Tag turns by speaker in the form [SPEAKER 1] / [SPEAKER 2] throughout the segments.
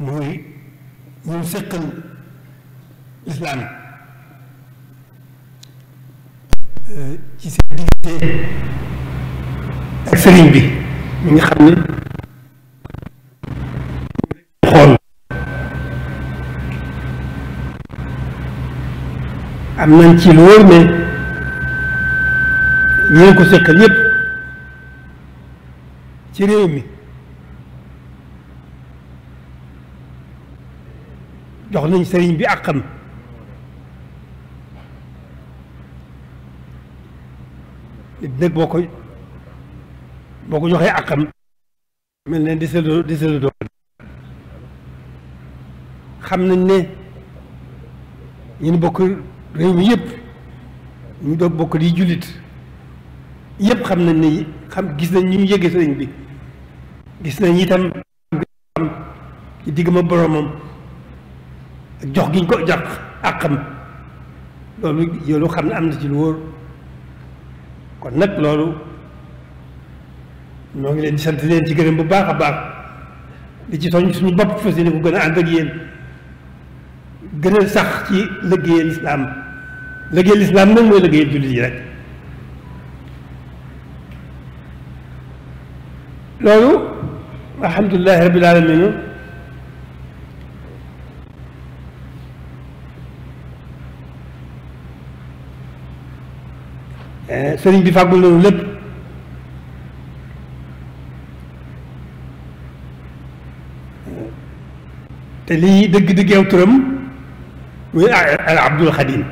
[SPEAKER 1] muy ñun seqal lislaam ci seen diggante ak sëriñ bi mi nga xam ni xool am nañ ci lu wóor ne ñu ngi ko seqal yépp ci réew mi jox nañ sëriñ bi àqam nit nag boo ko joxee àqam mel ne di selu di selu doon xam nañ ne ñu bokk réew mi yëpp ñu doon bokk di jullit yëpp xam nañ ne xam gis nañ ñu mu sëriñ bi gis nañ itam xam ci digg ma boromam jox giñ ko jox àqam loolu yoolu xam ne am na ci lu wóor kon nag loolu noo ngi leen di sant leen ci gërëm bu baax a baax li ci soñ suñu bopp fas yéene ko gën a ànd ak yéen gën a sax ci liggéeyal lislaam liggéeyal lislaam nag mooy liggéeyal jullit yi rek loolu alhamdulilahi rabbil alamina Eh, sëriñ bi fàggul loolu lépp te lii dëgg-dëggeew turam muy al abdul xadim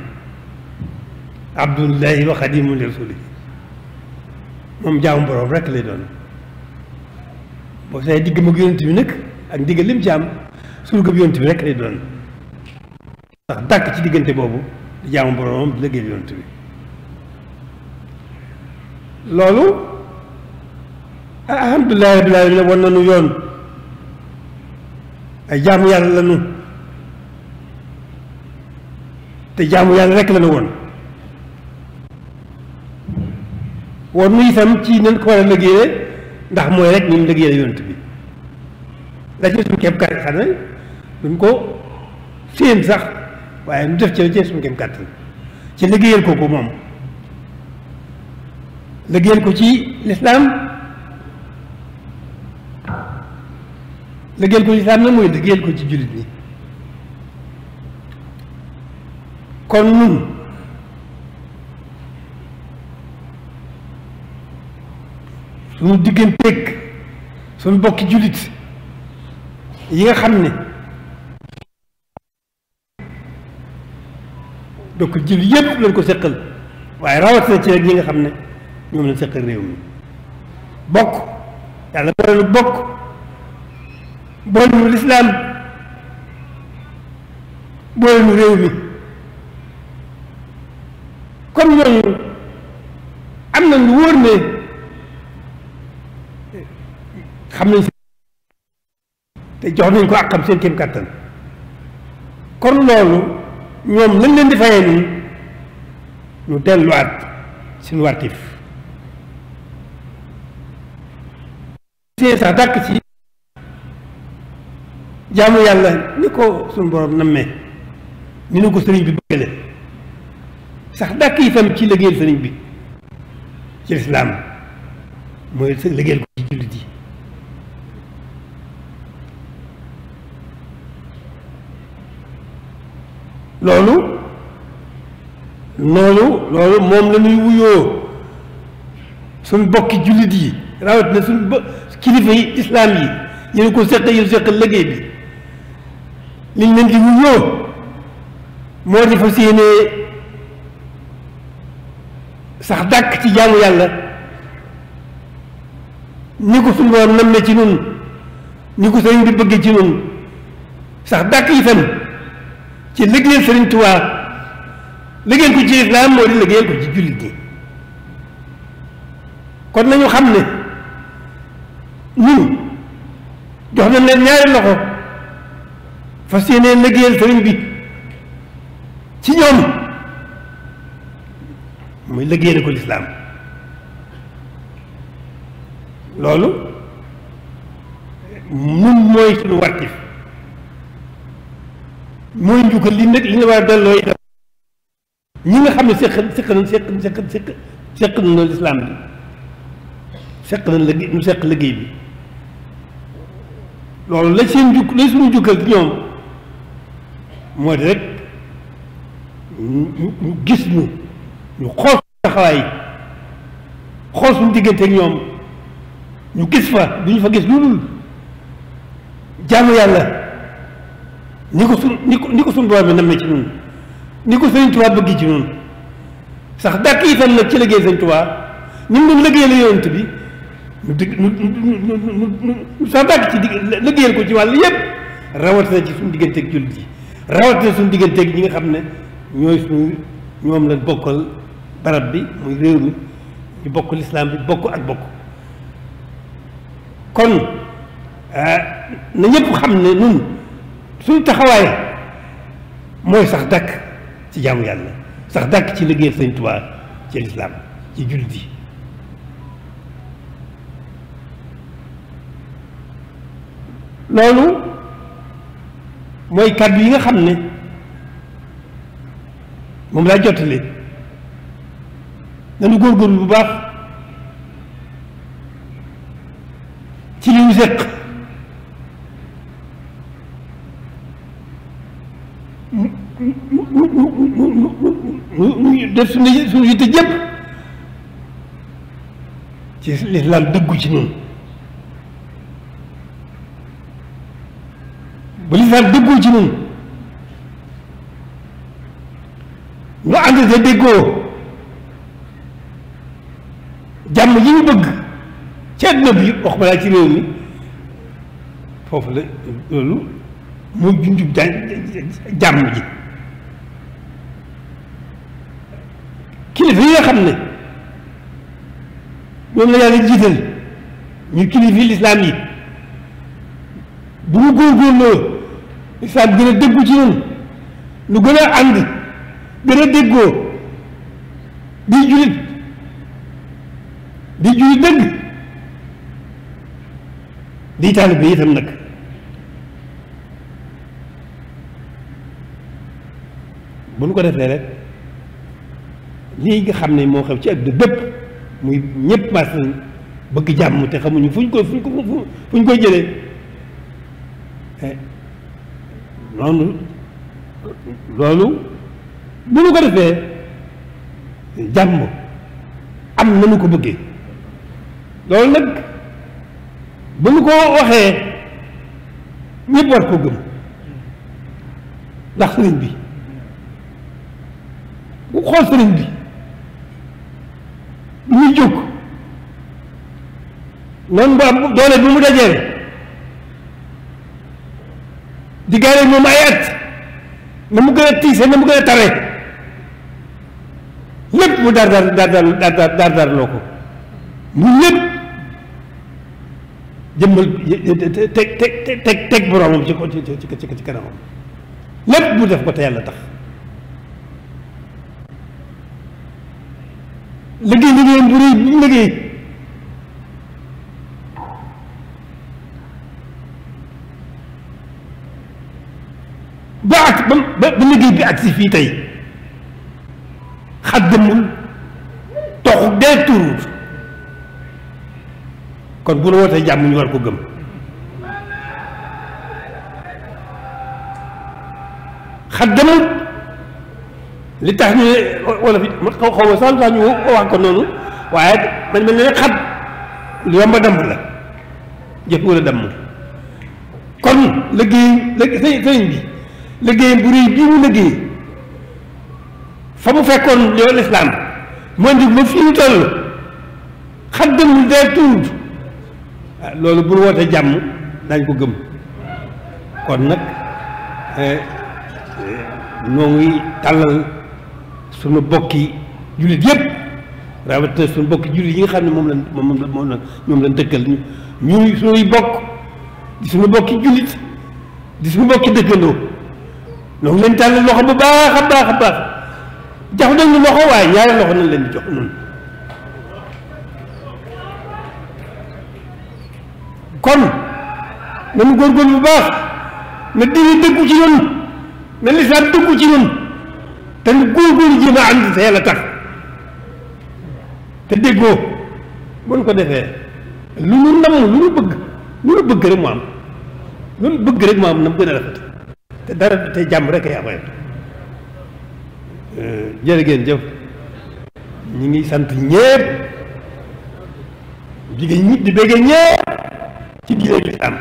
[SPEAKER 1] abdullahi wa xadimu li rasulihi moom jaamu boroom rek lay doon boo see digg mag yonent bi nag ak ndigal lim ci am surgab yonent bi rek lay doon ndax dàkk ci diggante boobu di jaamu boroomam di liggéeyal bi loolu alhamdulilahi rabbil alamin wan nañu yoon ay jaamu yàlla la te jaamu yàlla rek la ñu woon woon nu itam ci nañ ko war a liggéeyee ndax mooy rek ni mu liggéeyee yonent bi la ci suñu kéem kàttan xam ne duñ ko séen sax waaye nu def ci la ci suñu kéem kàttan ci liggéeyal kooku moom lëggéeyal ko ci lislaam lëggéeyal ko ci lislaam nag mooy lëggéeyal ko ci jullit bi kon nun suñu digganteeg suñu bokki jullit yi nga xam ne donc jullit yëpp lañ ko seqal waaye rawat na ci rek ñi nga xam ne ñoom lañ seqal réew mi bokk yàlla boole nu bokk boole nu lislaam boole nu réew mi am nañ lu wóor ne xam nañ te jox nañ ko ak xam seen kéem kàttan kon loolu ñoom lañ leen di fayee nii ñu delluwaat suñu tee sax dàkk ci jaamu yàlla ni ko suñu borom nammee ni nu ko sëriñ bi bëggale sax dàkk itam ci liggéeyal sëriñ bi ci lislaam mooy liggéeyal ko jullit yi loolu loolu loolu moom la wuyoo suñ bokki jullit yi rawat na suñ ba kilifa yi islaam yi yéen ko seq yéen seq liggéey bi liñ leen di wuyoo moo di fas sax dàkk ci jaamu yàlla ni ko suñ borom nam ci nun ni ko sëriñ bi bëgge ci nun sax dàkk itam ci liggéeyal sëriñ Tuubaa liggéeyal ku ci islaam moo di liggéeyal ko ci jullit ñi kon nañu xam ne ñun jox nañ leen ñaari loxo fas yéeneen liggéeyal sëriñ bi ci ñoom muy liggéeyal ko lislaam loolu ñun mooy suñu wartif mooy njukkal li nag li ñu war a delloo itam ñi nga xam ne seq seq nañ seq seq seq seq nañ lislaam bi seq nañ liggéey nu seq liggéey bi loolu la seen jukk la suñu jukkal ci ñoom moo di rek ñu gis ñu ñu xool taxawaay xool suñu diggante ñoom ñu gis fa du ñu fa gis lu dul jaamu yàlla ni ko su ni ko su ko suñu borom bi nammee ci ñun ni ko sëñ Tuubaa bëgg ci ñun sax yi itam nag ci liggéey sëñ Tuubaa ni mu doon liggéey la yonent bi nu digg nu nu sax dàgg ci digg liggéeyal ko ci wàll yépp rawatina ci suñu digganteeg jullit yi rawatina suñu digganteeg ñi nga xam ne ñooy suñu ñoom lañ bokkal barab bi muy réew mi ñu bokk lislaam bi bokk ak bokk kon ah, na ñëpp xam ne nun suñu taxawaay mooy sax dàkk ci jaamu yàlla sax dàkk ci liggéeyal Sëñ Tuubaa ci lislaam ci jullit yi loolu mooy kàddu yi nga xam ne moom laa jottali nañu góorgóorlu bu baax ci li ñu séq mu mu mu mu def suñu suñu yitte jëpp ci lislaam dëggu ci noonu ba lislaam déggul ci ñun ñu ànd te déggoo jàmm yi ñu bëgg ci àdduna bi wax ma laa ci réew mi foofu la loolu mooy junjub ji kilifa yi nga xam ne ñoom la yàlla jiital ñu kilifi lislaam yi bu mu góorgóorloo isaan gën a déggu ci ñun lu gën a ànd gën a déggoo di julit di julit dëgg di taalibe itam nag bu nu ko defee rek lii nga xam ne moo xam ci àdduna bépp muy ñëpp mas nañ bëgg jàmm te xamuñu fu ñu ko fu ñu ko fu ñu koy jëlee eh, noonu loolu bu nu ko defee jàmm am nañu ko bëggee loolu nag bu nu ko waxee ñëpp war ko gëm ndax bi ku xool bi lu muy jóg noonu bu doole bi mu dajee di gaare moom ay at na mu gën a tiise na mu gën a tare lépp mu daar daar daar daar loo ko mu lépp jëmbal teg teg teg teg boromam ci ko ci ci ci kanamam lépp mu def ko te yàlla tax liggéey liggéeyam bu rëy bu ba ba ba liggéey bi ak si fii tey xaddamul toxu dee turuut kon bu nu wootee jàmm ñu war ko gëm xaddamul li tax ñu wala fi xaw xaw ma sant ñu wax ko noonu waaye man mel ne xat lu yomb a damm la jëf wala damm kon liggéey sëriñ bi liggéeyam bu réy bii mu liggéey fa mu fekkoon yoonu lislaam moo ndig ma fii ñu toll xaddamul dee tuud ah, loolu bu wootee jàmm dañ ko gëm kon nag moom eh, eh, ngi tàllal suñu bokki jullit yépp rawatina suñu bokki jullit yi nga xam ne moom lañ moom moom la ñoom lañ dëkkal ñu ñuy suñuy bokk di suñu bokki jullit di suñu bokki dëggandoo ñoo ngi leen tàllal loxo bu baax a baax a baax jox nañu loxo waaye ñaari loxo nañ leen jox kon nañu góorgóorlu bu baax na diine dëggu ci ñun na lislaam dëggu ci ñun te nu góorgóorlu jéem a ànd te yàlla te déggoo buñ ko defe lu ñu namm lu ñu bëgg lu ñu bëgg rek mu am lu ñu bëgg rek mu na mu gën te dara te jàmm rek ay amee jërë ngeen jëf ñu ngi sant ñépp jigéen ñi di bëggee ñépp ci diine lislaam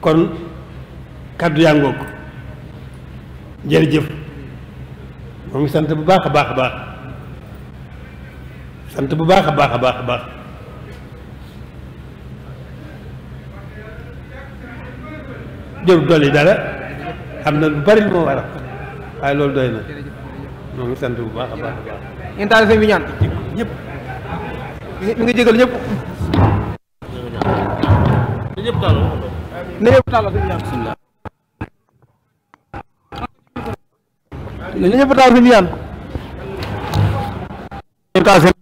[SPEAKER 1] kon kàddu yaa ngoog jërëjëf moo ngi sant bu baax a baax a baax sant bu baax a baax a baax a baax jëru dolli dara xam na lu bari lu ma war a loolu doy na ñoo ngi sant bu baax a bi ñaan ñëpp mi ngi bi ñaan